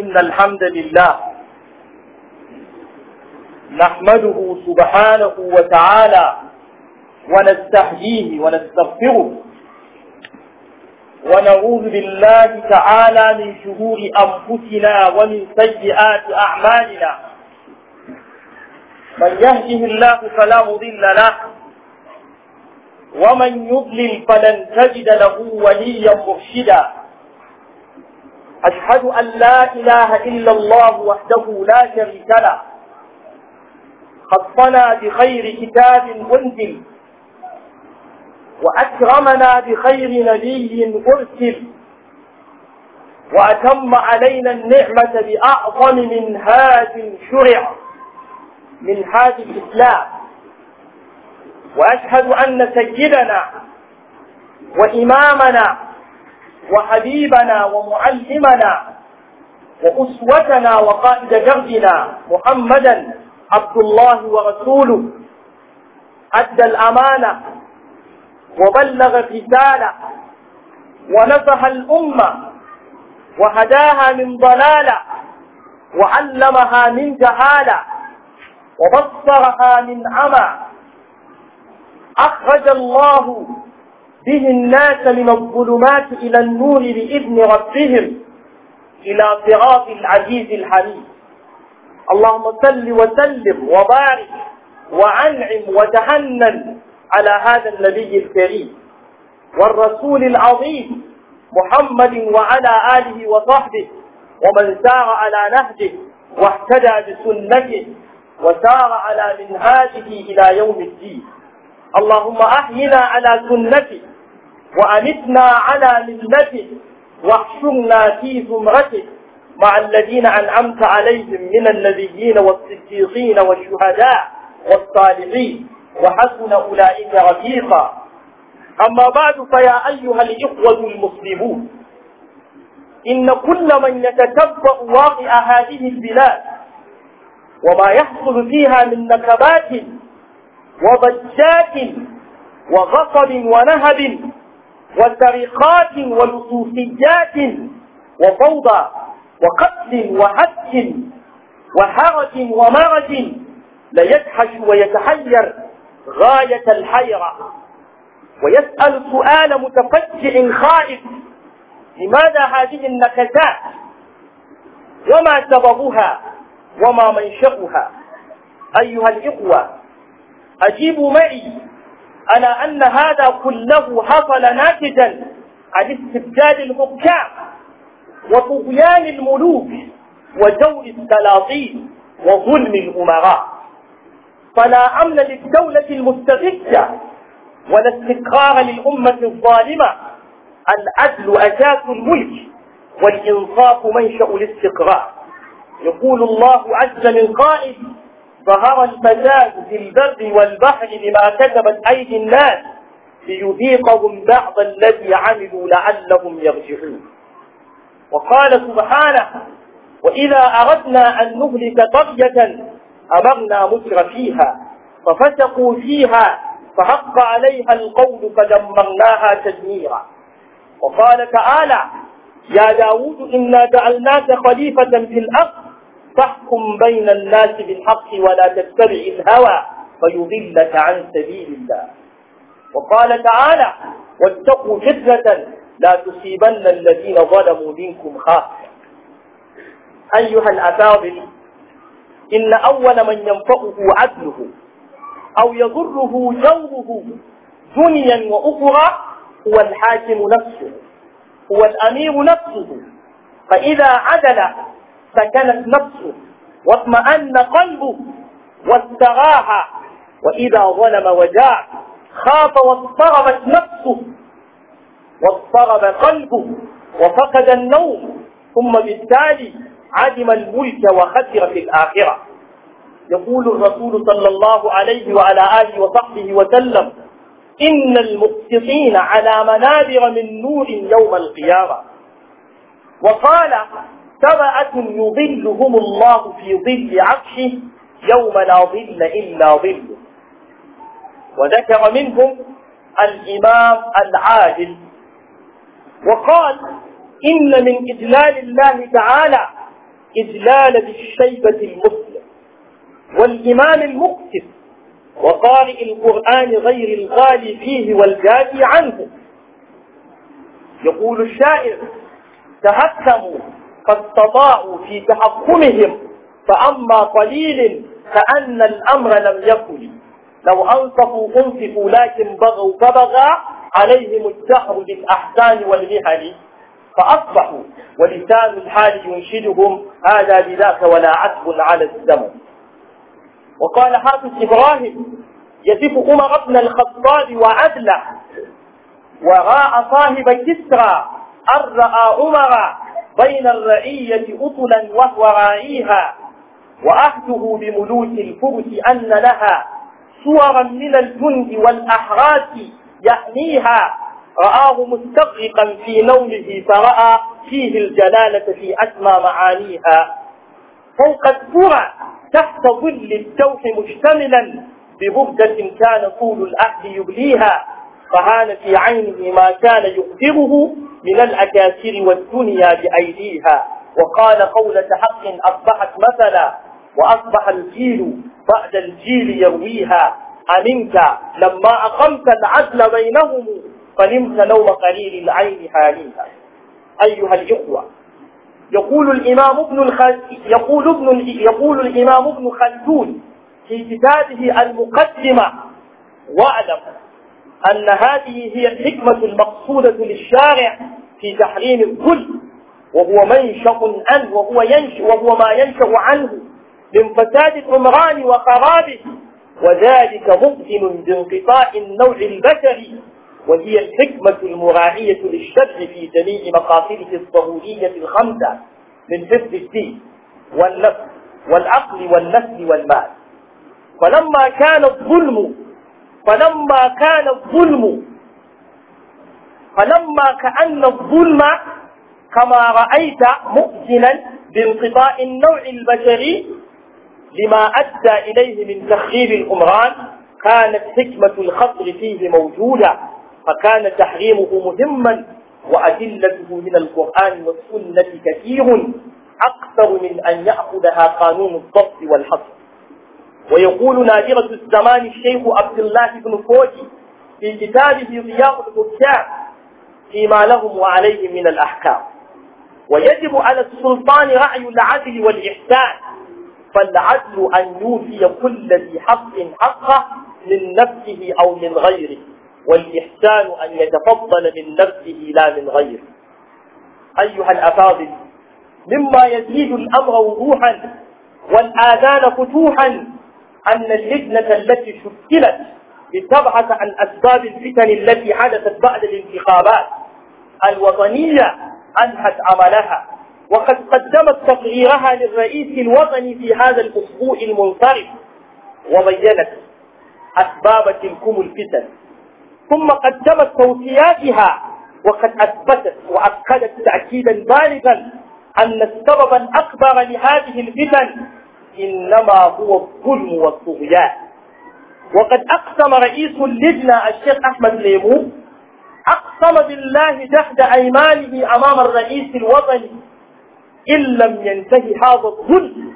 إن الحمد لله نحمده سبحانه وتعالى ونستحييه ونستغفره ونعوذ بالله تعالى من شرور أنفسنا ومن سيئات أعمالنا من يهده الله فلا مضل له ومن يضلل فلن تجد له وليا مرشدا أشهد أن لا إله إلا الله وحده لا شريك له خصنا بخير كتاب أنزل وأكرمنا بخير نبي أرسل وأتم علينا النعمة بأعظم منهاج شرع منهاج الإسلام وأشهد أن سيدنا وإمامنا وحبيبنا ومعلمنا وأسوتنا وقائد جردنا محمدا عبد الله ورسوله أدى الأمانة وبلغ الرسالة ونصح الأمة وهداها من ضلالة وعلمها من جهالة وبصرها من عمى أخرج الله به الناس من الظلمات إلى النور بإذن ربهم إلى صراط العزيز الحميد اللهم صل وسلم وبارك وأنعم وتهنن على هذا النبي الكريم والرسول العظيم محمد وعلى آله وصحبه ومن سار على نهجه واهتدى بسنته وسار على منهاجه إلى يوم الدين اللهم أحينا على سنته وأمتنا على ملته واحشرنا في زمرته مع الذين أنعمت عليهم من النبيين والصديقين والشهداء والصالحين وحسن أولئك رفيقا أما بعد فيا أيها الإخوة المسلمون إن كل من يتتبع واقع هذه البلاد وما يحصل فيها من نكبات وضجات وغصب ونهب وسرقات ولصوصيات وفوضى وقتل وهتك وحرج ومرج ليدحش ويتحير غاية الحيرة ويسأل سؤال متفجع خائف لماذا هذه النكتات وما سببها وما منشأها أيها الإخوة أجيبوا معي على أن هذا كله حصل ناتجا عن استبداد الحكام وطغيان الملوك وجور السلاطين وظلم الأمراء فلا أمن للدولة المستبدة ولا استقرار للأمة الظالمة العدل أساس الملك والإنصاف منشأ الاستقرار يقول الله عز من قائل ظهر الفساد في البر والبحر بما كذبت أيدي الناس ليذيقهم بعض الذي عملوا لعلهم يرجعون وقال سبحانه وإذا أردنا أن نهلك قرية أمرنا مصر فيها ففسقوا فيها فحق عليها القول فدمرناها تدميرا وقال تعالى يا داود إنا جعلناك خليفة في الأرض فاحكم بين الناس بالحق ولا تتبع الهوى فيضلك عن سبيل الله وقال تعالى واتقوا فتنة لا تصيبن الذين ظلموا منكم خاصة أيها الأفاضل إن أول من ينفقه عدله أو يضره جوره دنيا وأخرى هو الحاكم نفسه هو الأمير نفسه فإذا عدل سكنت نفسه واطمأن قلبه واستراح وإذا ظلم وجاع خاف واضطربت نفسه واضطرب قلبه وفقد النوم ثم بالتالي عدم الملك وخسر في الآخرة يقول الرسول صلى الله عليه وعلى آله وصحبه وسلم إن المقسطين على منابر من نور يوم القيامة وقال تبعة يظلهم الله في ظل عرشه يوم لا ظل إلا ظله وذكر منهم الإمام العادل وقال إن من إجلال الله تعالى إجلال بالشيبة المسلم والإمام المكتب وقارئ القرآن غير الغالي فيه والجادي عنه يقول الشاعر تهتموا فاستطاعوا في تحكمهم فأما قليل فأن الأمر لم يكن لو أنصفوا أنصفوا لكن بغوا فبغى عليهم الدهر بالأحسان والمهن فأصبحوا ولسان الحال ينشدهم هذا بذاك ولا عتب على الزمن وقال حافظ إبراهيم يصف عمر بن الخطاب وعدله وراء صاحب كسرى أن رأى عمر بين الرعية أطلا وهو راعيها وعهده بملوك الفرس أن لها صورا من الجند والأحراس يحميها رآه مستغرقا في نومه فرأى فيه الجلالة في أسمى معانيها فوق الذرى تحت ظل التوح مشتملا ببهجة كان طول العهد يبليها فهان في عينه ما كان يقدره من الأكاسر والدنيا بأيديها وقال قولة حق أصبحت مثلا وأصبح الجيل بعد الجيل يرويها أمنت لما أقمت العدل بينهم فنمت نوم قليل العين هانيها أيها الإخوة يقول الإمام ابن يقول ابن يقول الإمام ابن خلدون في كتابه المقدمة واعلم أن هذه هي الحكمة المقصودة للشارع في تحريم الكل وهو منشأ عنه وهو ينشأ وهو ما ينشأ عنه من فساد العمران وخرابه وذلك ممكن بانقطاع النوع البشري وهي الحكمة المراعية للشرع في جميع مقاصده الضرورية الخمسة من حفظ الدين والنفس والعقل والنسل والمال فلما كان الظلم فلما كان الظلم فلما كأن الظلم كما رأيت مؤذنا بانقطاع النوع البشري لما أدى إليه من تخريب الأمران كانت حكمة الخطر فيه موجودة فكان تحريمه مهما وأدلته من القرآن والسنة كثير أكثر من أن يأخذها قانون الضبط والحصر ويقول نادرة الزمان الشيخ عبد الله بن فوجي في كتابه ضياء الحكام فيما لهم وعليهم من الأحكام ويجب على السلطان رعي العدل والإحسان فالعدل أن يوفي كل ذي حق حقه من نفسه أو من غيره والإحسان أن يتفضل من نفسه لا من غيره أيها الأفاضل مما يزيد الأمر وضوحا والآذان فتوحا أن اللجنة التي شكلت لتبحث عن أسباب الفتن التي حدثت بعد الانتخابات الوطنية أنهت عملها وقد قدمت تقريرها للرئيس الوطني في هذا الأسبوع المنصرف وبينت أسباب تلكم الفتن ثم قدمت توصياتها وقد أثبتت وأكدت تأكيدا بالغا أن السبب الأكبر لهذه الفتن إنما هو الظلم والطغيان وقد أقسم رئيس اللجنة الشيخ أحمد ليمو أقسم بالله جهد أيمانه أمام الرئيس الوطني إن لم ينتهي هذا الظلم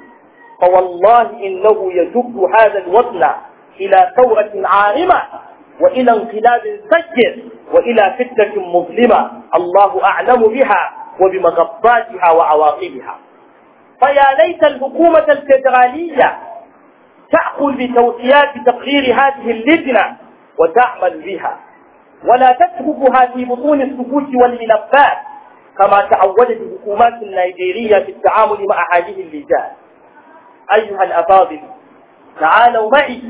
فوالله إنه يجب هذا الوطن إلى ثورة عارمة وإلى انقلاب سجر وإلى فتنة مظلمة الله أعلم بها وبمغباتها وعواقبها فيا ليت الحكومة الفيدرالية تأخذ بتوصيات تقرير هذه اللجنة وتعمل بها ولا تتركها في بطون السكوت والملفات كما تعودت الحكومات النيجيرية في التعامل مع هذه اللجان أيها الأفاضل تعالوا معي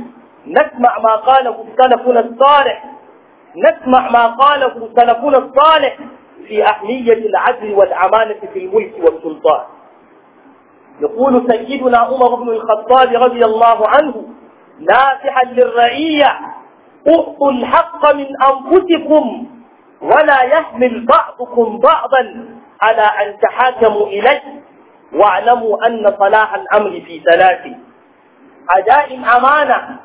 نسمع ما قاله سلفنا الصالح نسمع ما قاله سلفنا الصالح في أهمية العدل والأمانة في الملك والسلطان يقول سيدنا عمر بن الخطاب رضي الله عنه ناصحا للرعية اعطوا الحق من أنفسكم ولا يحمل بعضكم بعضا على أن تحاكموا إليه واعلموا أن صلاح الأمر في ثلاث أداء الأمانة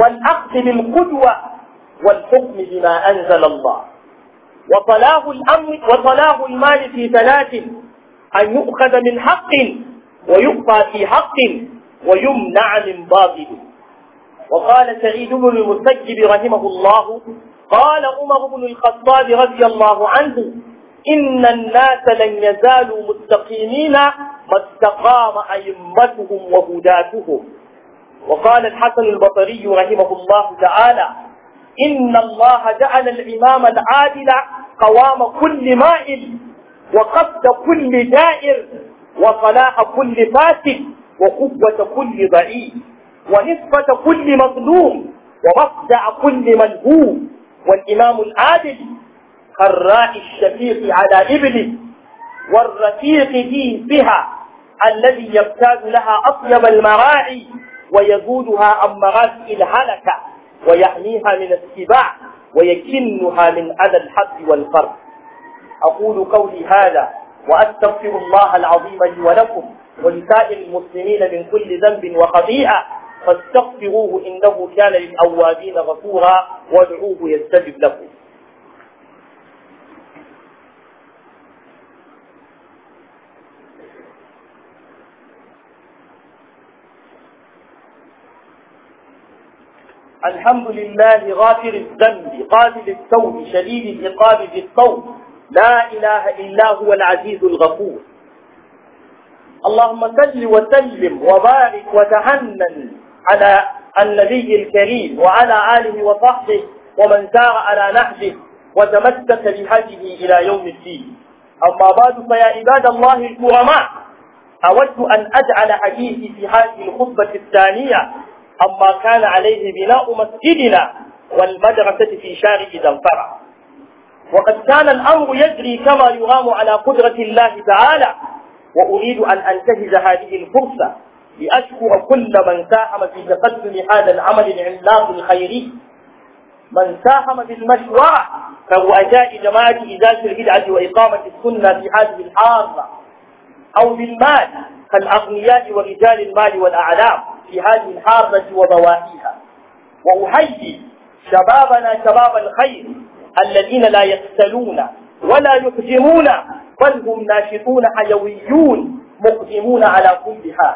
والأخذ بالقدوة والحكم بما أنزل الله وصلاح الأمر وصلاح المال في ثلاث أن يؤخذ من حق ويقضى في حق ويمنع من باطل وقال سعيد بن المسجب رحمه الله قال عمر بن الخطاب رضي الله عنه إن الناس لن يزالوا مستقيمين ما استقام أئمتهم وهداتهم وقال الحسن البصري رحمه الله تعالى إن الله جعل الإمام العادل قوام كل مائل وقصد كل دائر وصلاح كل فاسد وقوة كل ضعيف ونصفة كل مظلوم ومصدع كل ملهوم والإمام العادل كالراء الشفيق على إبله والرفيق في بها الذي يبتاد لها أطيب المراعي ويزودها عن مراتئ الهلكة ويحميها من السباع ويكنها من أذى الحد والفرق أقول قولي هذا وأستغفر الله العظيم لي ولكم ولسائر المسلمين من كل ذنب وخطيئة فاستغفروه إنه كان للأوابين غفورا وادعوه يستجب لكم الحمد لله غافر الذنب قابل التوب شديد العقاب بالصوم لا إله إلا هو العزيز الغفور اللهم صل وسلم وبارك وتهنن على النبي الكريم وعلى آله وصحبه ومن سار على نهجه وتمسك بهجه إلى يوم الدين أما بعد فيا عباد الله الكرماء أود أن أجعل حديثي في هذه الخطبة الثانية أما كان عليه بناء مسجدنا والمدرسة في شارع زنفرة وقد كان الأمر يجري كما يرام على قدرة الله تعالى وأريد أن أنتهز هذه الفرصة لأشكر كل من ساهم في تقدم هذا العمل العملاق الخيري من ساهم بالمشروع كرؤساء جماعة إزالة البدعة وإقامة السنة في هذه الحارة أو بالمال كالأغنياء ورجال المال والأعلام في هذه الحارة وضوائها وأحيي شبابنا شباب الخير الذين لا يقتلون ولا يهجمون بل هم ناشطون حيويون مقدمون على كل حال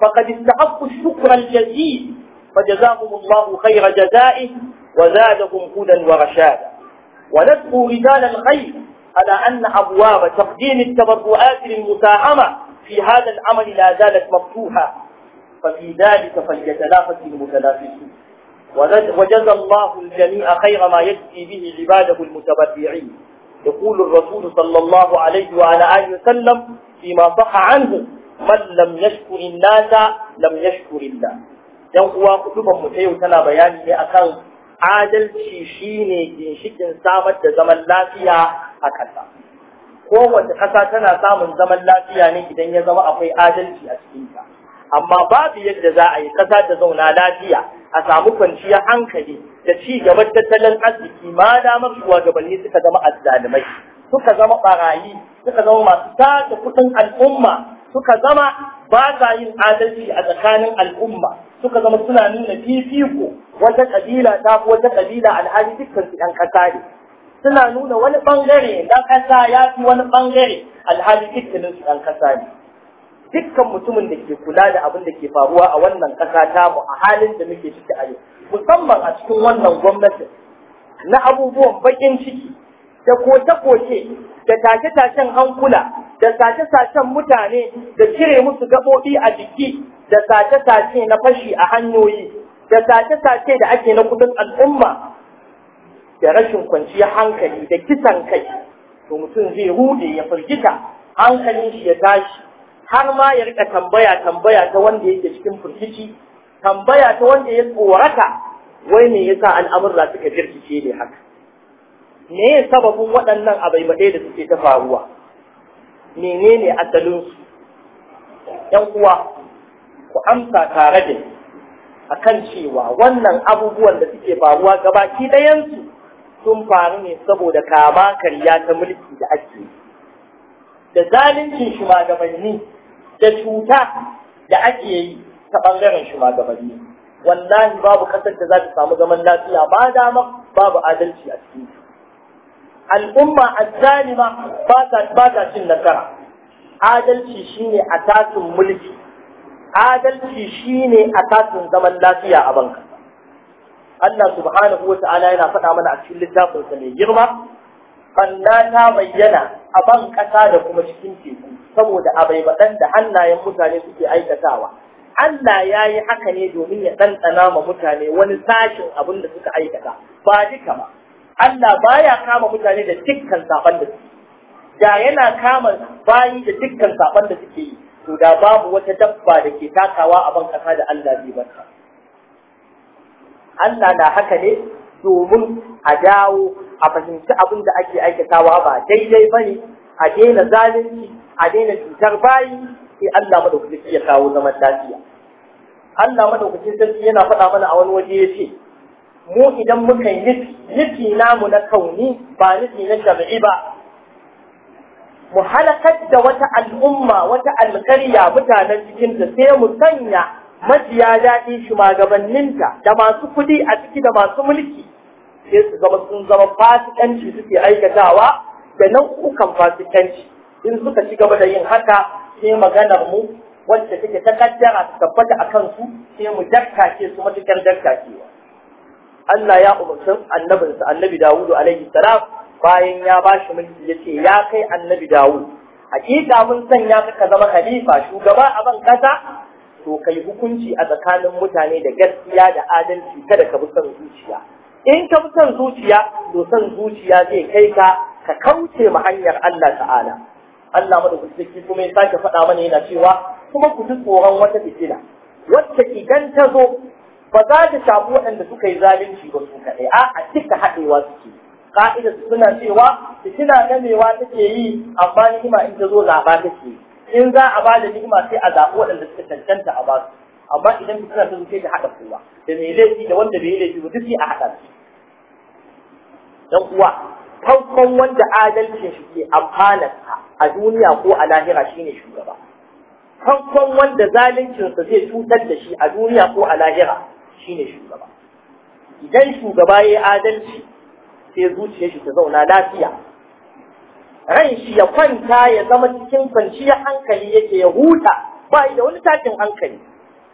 فقد استحقوا الشكر الجزيل فجزاهم الله خير جزائه وزادهم هدى ورشادا وندعو رجال الخير على أن أبواب تقديم التبرعات للمساهمة في هذا العمل لا زالت مفتوحة ففي ذلك فليتلافت المتلافتون وجزى الله الجميع خير ما يجزي به عباده المتبرعين يقول الرسول صلى الله عليه وعلى آله وسلم فيما صح عنه من لم يشكر الناس لم يشكر الله dan uwa kutuban mu yau tana bayani ne akan adalci shine ginshikin samar da zaman lafiya a ƙasa kowace ƙasa tana samun zaman lafiya ne idan ya zama akwai adalci a cikinta amma babu yadda za a yi ƙasa ta zauna lafiya a samu kwanciyar hankali da ci gaban tattalin arziki ma damar shugabanni suka zama azzalumai suka zama barayi suka zama masu tace kuɗin al'umma suka zama ba sa yin adalci a tsakanin al'umma suka zama suna nuna fifiko wata ƙabila ta fi wata ƙabila alhali dukkan su ɗan ƙasa ne suna nuna wani ɓangare na ƙasa ya fi wani ɓangare alhali dukkanin su ɗan ƙasa ne dukkan mutumin da ke kula da abin da ke faruwa a wannan ƙasa ta mu a halin da muke ciki a yau musamman a cikin wannan gwamnati na abubuwan bakin ciki da koke-koke da tashe-tashen hankula da sace-sacen mutane da cire musu gaɓoɓi a jiki da sace-sace na fashi a hanyoyi da sace-sace da ake na kudin al'umma da rashin kwanciyar hankali da kisan kai to mutum zai rude ya firgita hankalin shi ya tashi har ma ya rika tambaya tambaya ta wanda yake cikin furkici tambaya ta wanda ya tsorata wai me yasa al'amurra suka jirkice ne haka me ya sababin waɗannan abai abaibaɗai da suke ta faruwa menene asalinsu ‘yan uwa ku amsa tare da akan cewa wannan abubuwan da suke faruwa gabaki ɗayansu sun faru ne saboda kama karya ta mulki da ake da zalincin shugabanni da cuta da ake yi ta ɓangaren shugabanni wallahi babu kasar da za ta samu zaman lafiya ba dama babu adalci a cikin al'umma azzalima ba ta ba ta cin nasara adalci shine atasin mulki adalci shine atasin zaman lafiya a banka Allah subhanahu wa ta'ala yana faɗa mana a cikin littafin mai girma banda ta bayyana a ban ƙasa da kuma cikin teku saboda abai baɗan da hannayen mutane suke aikatawa Allah ya yi haka ne domin ya ɗanɗana ma mutane wani sashin abin da suka aikata ba duka ba Allah baya kama mutane da dukkan saban da suke da yana kama bayi da dukkan saban da suke yi to da babu wata dabba da ke takawa a ban ƙasa da Allah bai barka Allah na haka ne domin a dawo a fahimci abin da ake aikatawa ba daidai ba ne a daina zalunci a daina cutar bayi sai Allah madaukaki ya kawo zaman lafiya Allah madaukakin sarki yana faɗa mana a wani waje ya ce mu idan muka yi nufi na mu na kauni ba nufi na shar'i ba mu halakar da wata al'umma wata alƙarya mutanen cikin da sai mu sanya majiya daɗi shugabanninta da masu kuɗi a ciki da masu mulki sai su zama sun zama fasikanci suke aikatawa da nau'ukan fasikanci in suka ci gaba da yin haka sai maganar mu wacce take ta kaddara ta tabbata a kansu sai mu ke su matukar ke. Allah ya umarci annabinsa annabi Dawudu alaihi salam bayan ya ba shi mulki yace ya kai annabi Dawud hakika mun sanya ka zama khalifa shugaba a ban kasa to kai hukunci a tsakanin mutane da gaskiya da adalci kada ka bi son zuciya in ka bi son zuciya to son zuciya zai kai ka ka kauce ma hanyar Allah ta'ala Allah madaukaki kuma ya sake faɗa mana yana cewa kuma ku ji tsoron wata fitina wacce idan ta zo ba za ta shafi waɗanda suka yi zalunci ba su kaɗai a a cika haɗewa suke ka'idar suna cewa fitina ganewa take yi amma ni'ima in ta zo zaba take yi in za a bada ni'ima sai a zaɓi waɗanda suka cancanta a basu amma idan suna ta zuke ta haɗa kowa da mai laifi da wanda bai laifi ba duk sai a haɗa su dan uwa farkon wanda adalcin shi ke amfanarsa a duniya ko a lahira shine shugaba farkon wanda zaluncinsa zai cutar da shi a duniya ko a lahira shine shugaba idan shugaba ya yi adalci sai zuciyar shi ta zauna lafiya ran shi ya kwanta ya zama cikin kwanciyar hankali yake ya huta ba da wani takin hankali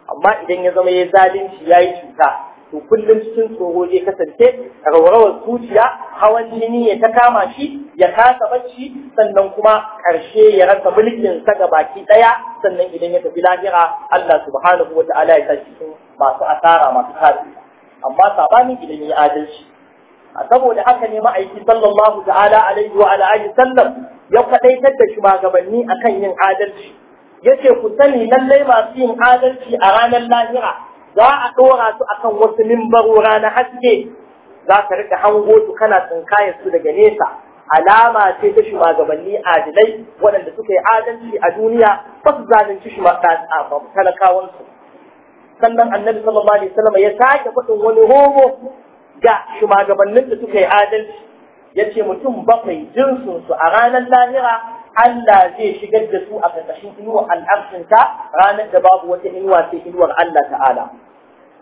amma idan ya zama ya zalunci ya yi cuta to kullum cikin tsoro zai kasance rawarawar zuciya hawan jini ya ta kama shi ya kasa bacci sannan kuma ƙarshe ya rasa mulkin sa ga baki ɗaya sannan idan ya tafi lahira Allah subhanahu wa ta'ala ya sa cikin masu asara masu tasiri. amma sabanin idan ya adalci saboda haka ne ma'aiki sallallahu ta'ala alaihi wa alihi sallam ya kwadaitar da shugabanni akan yin adalci yace ku sani lallai masu yin adalci a ranar lahira za a dora su akan wasu mimbarora na haske za ka rika hango su kana tsinkayar su daga nesa alama ce ta shugabanni adilai waɗanda suka yi adalci a duniya ba su zalunci talakawansu sannan annabi sallallahu alaihi wasallam ya sake faɗin wani homo ga shugabannin da suka yi adalci yace mutum bakwai jinsinsu a ranar lahira Allah zai shigar da su a ƙarƙashin inuwar al'arsinta ranar da babu wata inuwa sai inuwar Allah ta'ala.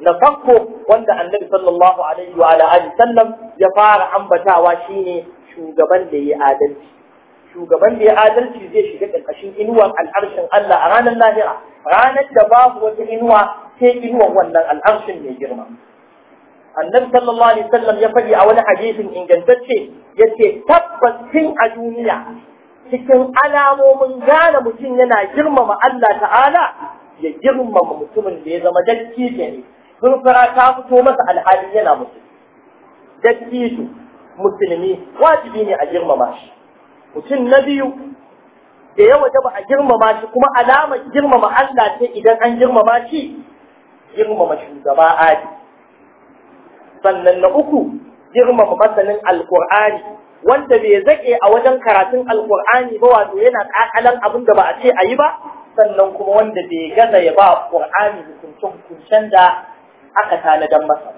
Na farko wanda annabi sallallahu alaihi wa alihi sallam ya fara ambatawa shine shugaban da ya adalci. Shugaban da ya adalci zai shiga ƙarƙashin inuwar al'arshin Allah a ranar lahira, ranar da babu wata inuwa sai inuwar wannan al'arshin mai girma. annabi sallallahu alaihi wasallam ya faɗi a wani hadisin ingantacce yace tabbacin a duniya cikin alamomin gane mutum yana girmama Allah ta'ala ya girmama mutumin da ya zama dattijo ne furfura ta fito masa alhali yana mutum dattijo musulmi wajibi ne a girmama shi mutum na biyu da ya wajaba a girmama shi kuma alamar girmama Allah ce idan an girmama shi girmama shugaba adi sannan na uku girmama masanin alkur'ani wanda bai zake a wajen karatun alkur'ani ba wato yana ƙaƙalan abin da ba a ce a yi ba sannan kuma wanda bai gaza ya ba ƙur'ani hukuncin kunshen da aka tanadan masa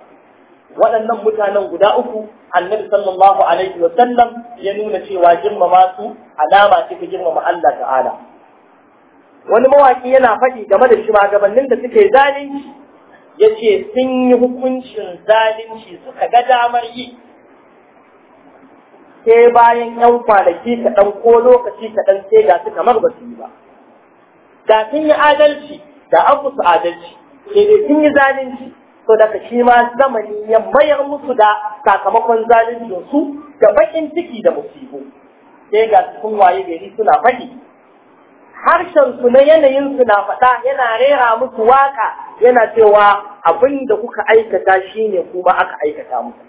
waɗannan mutanen guda uku annabi sallallahu alaihi wa sallam ya nuna cewa girmama su alama ce ta girmama Allah ta'ala wani mawaki yana faɗi game da shi magabannin da suke zalunci ya ce sun yi hukuncin zalunci suka ga damar yi sai bayan yan kwanaki kaɗan ko lokaci kaɗan sai ga su kamar ba yi ba da sun yi adalci da an musu adalci sai dai sun yi zalunci to daga shi ma zamani ya mayar musu da sakamakon zalunci su da bakin ciki da musibu sai ga sun waye gari suna faɗi harshen su na yanayin su na faɗa yana rera musu waka yana cewa abin da kuka aikata shine kuma aka aikata muku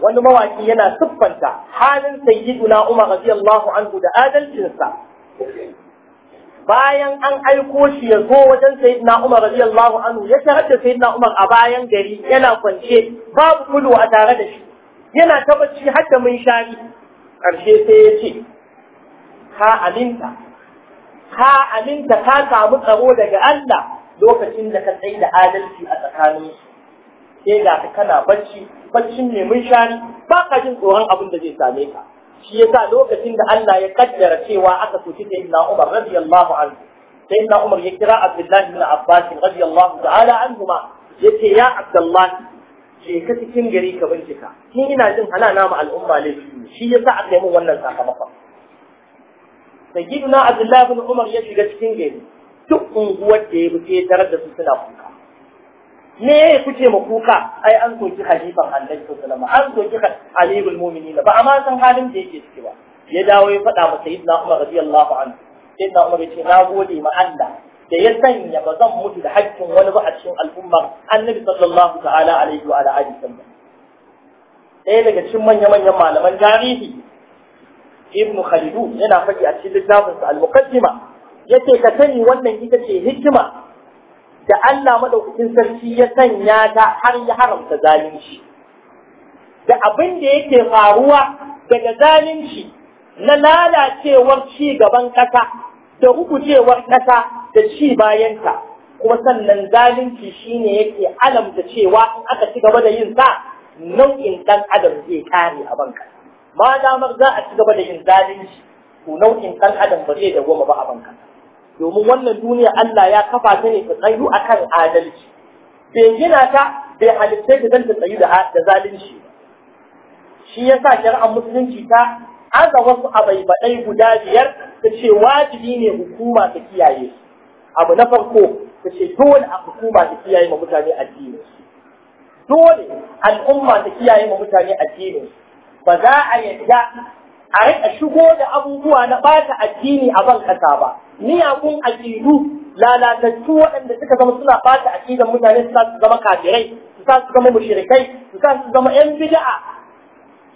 wani mawaki yana siffanta halin sayyiduna Umar radiyallahu anhu da adalcinsa bayan an aiko shi ya zo wajen sayyiduna Umar radiyallahu anhu ya tarar da Umar a bayan gari yana kwance babu kulu a tare da shi yana ta bacci har da mun shari karshe sai ya ce ka aminta ka aminta ka samu tsaro daga Allah lokacin da ka tsaye da adalci a tsakanin sai ga ka kana bacci baccin ne mun shari ba ka jin tsoron abin da zai same ka shi yasa lokacin da Allah ya kaddara cewa aka soki da Ibn Umar radiyallahu anhu sai Ibn Umar ya kira Abdullahi ibn Abbas radiyallahu ta'ala anhuma yace ya Abdullahi je ka cikin gari ka bincika ni ina jin halana ma al'umma laifi shi yasa aka yi min wannan sakamakon sayyiduna abdullahi ibn umar ya shiga cikin gari duk unguwar da ya fice tarar da su suna kuka me ya kuce ma kuka ai an soki halifan annabi sallallahu alaihi an soki amirul mu'minin ba amma san halin da yake ciki ba ya dawo ya faɗa ma sayyidina umar radiyallahu anhu sayyidina umar ya ce na gode ma Allah da ya sanya ba zan mutu da haƙƙin wani ba a cikin al'umma annabi sallallahu ta'ala alaihi wa alihi sallam ɗaya daga cikin manya-manyan malaman tarihi ibn khalidu yana faɗi a cikin littafin sa al-muqaddima yace ka sani wannan ita ce hikima da Allah madaukakin sarki ya sanya ta har ya haramta zalunci da abin da yake faruwa daga zalunci na lalacewar ci gaban ƙasa da rugujewar ƙasa da ci bayanta kuma sannan zalunci shine yake alamta cewa aka ci gaba da yin sa nau'in ɗan adam zai kare a banka ma damar za a ci gaba da yin zalunci to nau'in kan adam ba zai dawwama ba a banka domin wannan duniya Allah ya kafa ta ne ta tsayu akan adalci bai gina ta bai halittai da zanta tsayu da da zalunci shi yasa shari'ar musulunci ta aza wasu baɗai guda biyar ta ce wajibi ne hukuma ta kiyaye abu na farko ta ce dole a hukuma ta kiyaye ma mutane addini dole al'umma ta kiyaye ma mutane addini ba za a yadda a riƙa shigo da abubuwa na ɓata addini a ban ƙasa ba miyagun aƙidu lalatattu waɗanda suka zama suna ɓata aƙidan mutane su su zama kafirai su su zama mushrikai su su zama ƴan bid'a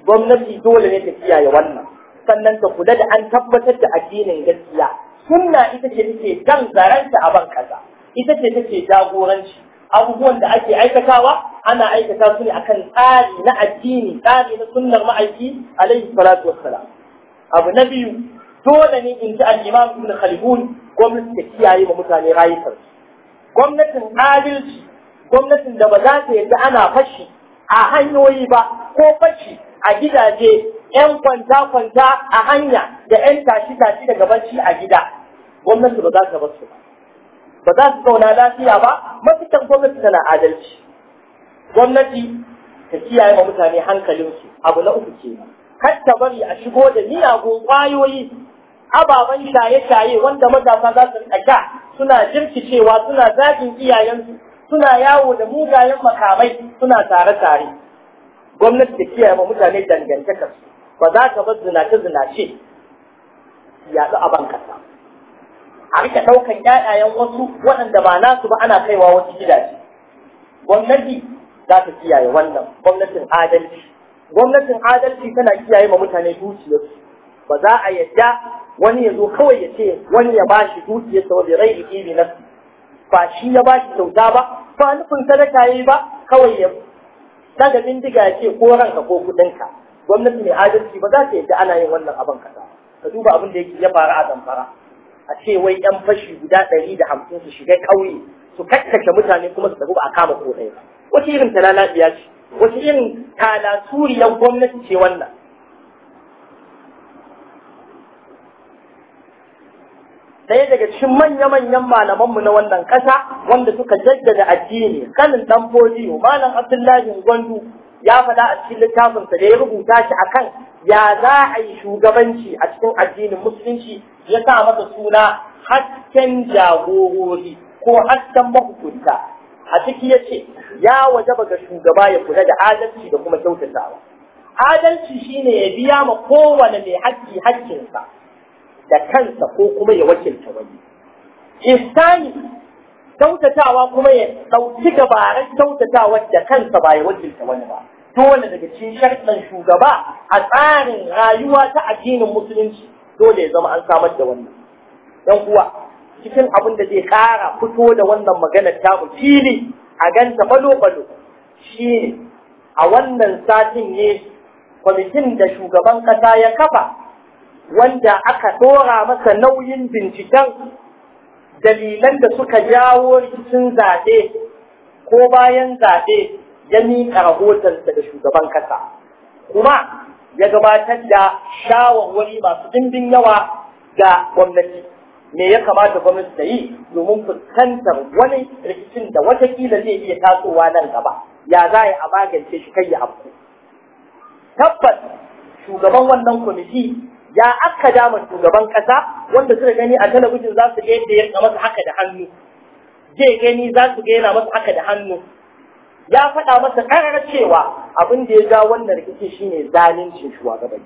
gwamnati dole ne ta kiyaye wannan sannan ta kula da an tabbatar da addinin gaskiya sunna ita ce take kan a ban ƙasa ita ce take jagoranci abubuwan da ake aikatawa ana aikata su ne akan tsari na addini tsari na sunnar ma'aiki alaihi salatu wassalam abu na biyu dole ne in ji al-imam ibn khalifun gwamnati ta kiyaye wa mutane rayukan gwamnatin adalci gwamnatin da ba za ta yadda ana fashi a hanyoyi ba ko fashi a gidaje yan kwanta-kwanta a hanya da yan tashi-tashi daga barci a gida gwamnati ba za ta bar su ba ba za su zauna lafiya ba mafitan gwamnati tana adalci gwamnati ta kiyaye ma mutane hankalinsu abu na uku ke kar ta bari a shigo da miyagun kwayoyi ababen shaye-shaye wanda matasa za su riƙa suna jirkicewa suna zagin iyayensu suna yawo da mugayen makamai suna tare-tare gwamnati ta kiyaye ma mutane dangantakarsu ba za ka bar zinace-zinace yaɗu a bankasa a rika ɗaukan ƴaƴayen wasu waɗanda ba nasu ba ana kaiwa wasu gidaje gwamnati za ta kiyaye wannan gwamnatin adalci gwamnatin adalci tana kiyaye ma mutane dukiyarsu ba za a yadda wani ya zo kawai ya ce wani ya bashi dukiyarsa wa rai ghairi qibi nasu. ba shi ya bashi kyauta ba ba nufin sadaka yi ba kawai ya daga bindiga ya ce ko ranka ko kuɗinka gwamnati mai adalci ba za ta yadda ana yin wannan abin kasa ka duba abin da yake ya faru a zamfara a ce wai yan fashi guda ɗari da hamsin su shiga ƙauye su kakkace mutane kuma su tafi ba a kama ko ɗaya Wasu irin talalabiya ce wasu irin talasuriyar gwamnati ce wannan ɗaya daga cikin manya-manyan malamanmu na wannan ƙasa wanda suka jaddada addini kanin ɗan fodiyo malam abdullahi gwandu ya faɗa a cikin littafinsa da ya rubuta shi akan ya za a yi shugabanci a cikin addinin musulunci ya sa masa suna hasken jagorori ko hasken mahukunta a ciki ya ce ya waje ga shugaba ya kula da adalci da kuma kyautatawa adalci shine ya biya ma kowane mai haƙƙi haƙƙinsa da kansa ko kuma ya wakilta wani ihsani kyautatawa kuma ya ɗauki gabaran kyautatawa da kansa ba ya wakilta wani ba dole daga cikin sharɗin shugaba a tsarin rayuwa ta addinin musulunci dole ya zama an samar da wannan dan kuwa cikin abin da zai ƙara fito da wannan maganar mu fili a ganta balo-balo shi ne a wannan satin ne kwamitin da shugaban ƙasa ya kafa wanda aka ɗora masa nauyin binciken dalilan da suka jawo rikicin zaɓe ko bayan zaɓe ya miƙa rahotonsa da shugaban ƙasa kuma ya gabatar da shawarwari masu ɗimbin yawa ga gwamnati me ya kamata gwamnati ta yi domin fuskantar wani rikicin da watakila zai iya tasowa nan gaba ya za a magance shi kai ya abu tabbas shugaban wannan kwamiti ya aka dama shugaban kasa wanda suka gani a talabijin za su ga yadda ya ga masa haka da hannu zai gani za su ga yana masa haka da hannu ya faɗa masa ƙarar cewa abin da ya ja wannan rikici shine zalincin shugaban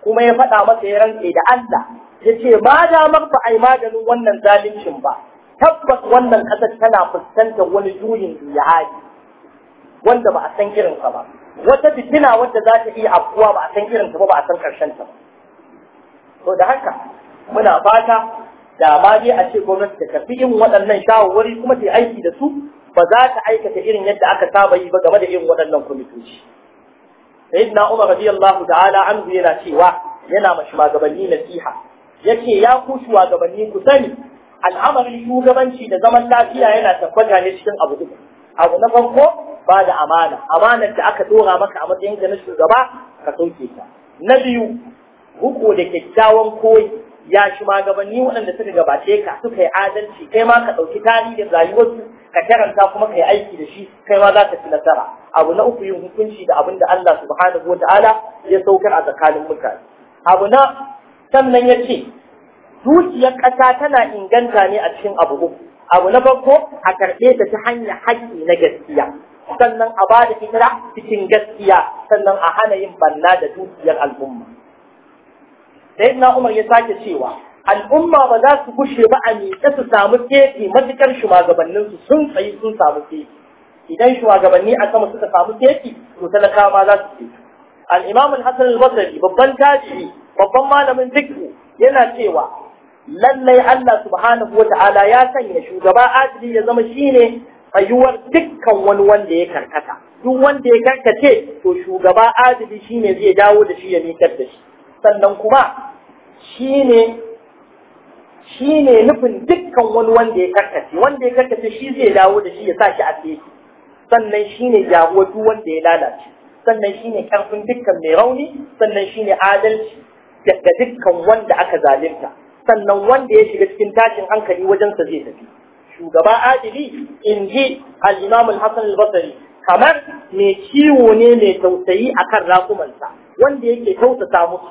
kuma ya faɗa masa ya rantse da Allah ya ce ma damar ba a maganin wannan zalincin ba tabbas wannan ƙasar tana fuskantar wani juyin jihadi wanda ba a san ka ba wata fitina wadda za ta iya afkuwa ba a san irin ta ba ba a san karshen ta to da haka muna fata da ma dai a ce gwamnati ta karfi yin waɗannan shawarwari kuma ta aiki da su ba za ta aikata irin yadda aka saba yi ba game da irin waɗannan kwamitoci sayyidina umar radiyallahu ta'ala anhu yana cewa yana ma shugabanni nasiha yace ya ku shugabanni ku sani al'amarin shugabanci da zaman lafiya yana tabbata ne cikin abu uku abu na farko ba da amana amanar da aka dora maka a matsayin ka na shugaba ka sauke ta na biyu huko da kyakkyawan koyi ya shi gabanni waɗanda suka gabace ka suka yi adalci kai ma ka ɗauki tarihin rayuwarsu ka karanta kuma ka yi aiki da shi kai ma za ka ci nasara abu na uku yin hukunci da abin da Allah subhanahu wa ta'ala ya saukar a tsakanin mutane abu na sannan ya ce zuciyar ƙasa tana inganta ne a cikin abu uku abu na farko a karɓe ta ta hanyar haƙƙi na gaskiya sannan a ba da bikin cikin gaskiya sannan a hana yin banna da dukiyar al'umma sai na umar ya sake cewa al'umma ba za su gushe ba a miƙe su samu kefi matukar shugabannin su sun tsayi sun samu kefi idan shugabanni a sama suka samu kefi to talakawa ma za su kefi al-imam al-hasan al-basri babban tajiri, babban malamin fiqh yana cewa lallai Allah subhanahu wata'ala ya sanya shugaba adili ya zama shine tsayuwar dukkan wani wanda ya karkata duk wanda ya karkace to shugaba adili shine zai dawo da shi ya mitar da shi sannan kuma shine shine nufin dukkan wani wanda ya karkace wanda ya karkace shi zai dawo da shi ya sa shi a tsaye sannan shine jawo duk wanda ya lalace sannan shine karfin dukkan mai rauni sannan shine adalci daga dukkan wanda aka zalunta sannan wanda ya shiga cikin tashin hankali wajensa zai tafi shugaba adili in ji al-imam al kamar mai kiwo ne mai tausayi a kan rakumansa wanda yake tausasa musu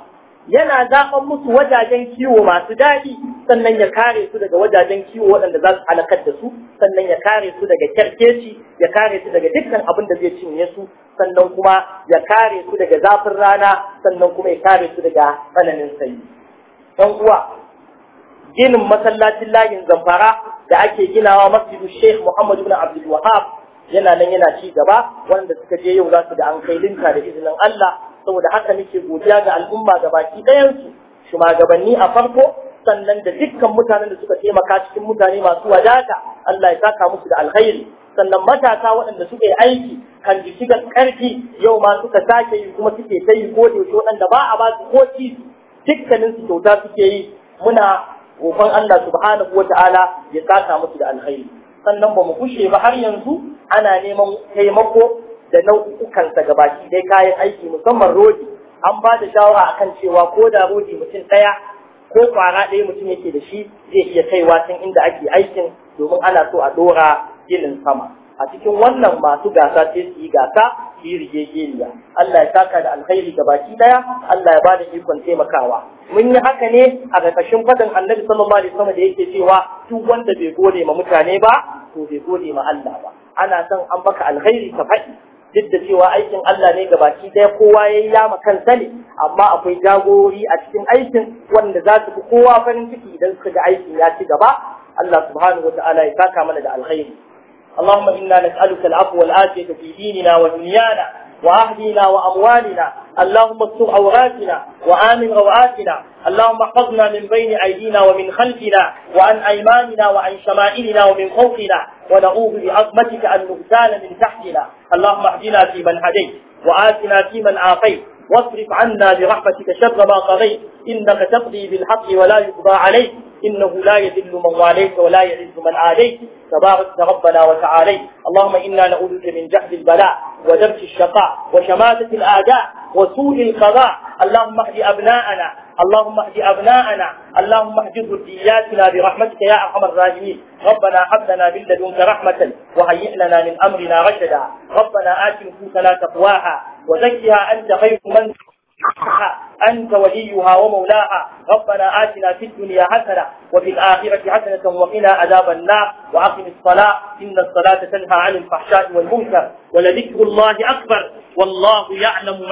yana zaɓan musu wajajen kiwo masu daɗi sannan ya kare su daga wajajen kiwo waɗanda za su halakar da su sannan ya kare su daga kyarkeci ya kare su daga dukkan abin da zai cinye su sannan kuma ya kare su daga zafin rana sannan kuma ya kare su daga tsananin sanyi ɗan uwa ginin masallacin layin zamfara da ake ginawa masjidu sheikh muhammad ibn abdul wahab yana nan yana ci gaba wanda suka je yau za su da an kai linka da izinin allah saboda haka nake godiya ga al'umma ga baki ɗayansu shugabanni a farko sannan da dukkan mutanen da suka taimaka cikin mutane masu wadata allah ya saka musu da alkhairi sannan matasa waɗanda suka yi aiki kan jiki da ƙarfi yau ma suka sake yi kuma suke ta yi ko da waɗanda ba a ba su ko ci dukkanin kyauta suke yi muna roƙon Allah subhanahu wata'ala ya saka musu da alkhairi sannan ba mu kushe ba har yanzu ana neman taimako da nau'ukan sa gabaki dai kayan aiki musamman rodi an ba da shawara akan cewa ko da rodi mutum ɗaya ko fara ɗaya mutum yake da shi zai iya kaiwa can inda ake aikin domin ana so a ɗora ginin sama a cikin wannan masu gasa sai su yi gasa su yi rigegeniya Allah ya saka da alkhairi ga baki daya Allah ya ba da ikon taimakawa mun yi haka ne a ƙarƙashin faɗin annabi sallallahu alaihi wasallam da yake cewa duk wanda bai gode ma mutane ba to bai gode ma Allah ba ana son an baka alkhairi ka faɗi duk da cewa aikin Allah ne ga baki ɗaya kowa ya yi yama kansa ne amma akwai jagorori a cikin aikin wanda za su fi kowa farin ciki idan suka ga aikin ya ci gaba Allah subhanahu wa ta'ala ya saka mana da alkhairi اللهم إنا نسألك العفو والعافية في ديننا ودنيانا وأهلنا وأموالنا اللهم استر عوراتنا وآمن روعاتنا اللهم احفظنا من بين أيدينا ومن خلفنا وعن أيماننا وعن شمائلنا ومن فوقنا ونعوذ بعظمتك أن نغتال من تحتنا اللهم اهدنا فيمن هديت وآتنا فيمن عافيت واصرف عنا برحمتك شر ما قضيت إنك تقضي بالحق ولا يقضى عليك إنه لا يذل من واليت ولا يعز من عاديت تبارك ربنا وتعالي اللهم إنا نعوذ بك من جهد البلاء ودرس الشقاء وشماتة الأعداء وسوء القضاء اللهم اهد أبناءنا اللهم اهد أبناءنا اللهم اهد ذرياتنا برحمتك يا أرحم الراحمين ربنا هب لنا من لدنك رحمة وهيئ لنا من أمرنا رشدا ربنا آت نفوسنا تقواها وزكها أنت خير من أنت وليها ومولاها ربنا آتنا في الدنيا حسنة وفي الآخرة حسنة وقنا عذاب النار وأقم الصلاة إن الصلاة تنهى عن الفحشاء والمنكر ولذكر الله أكبر والله يعلم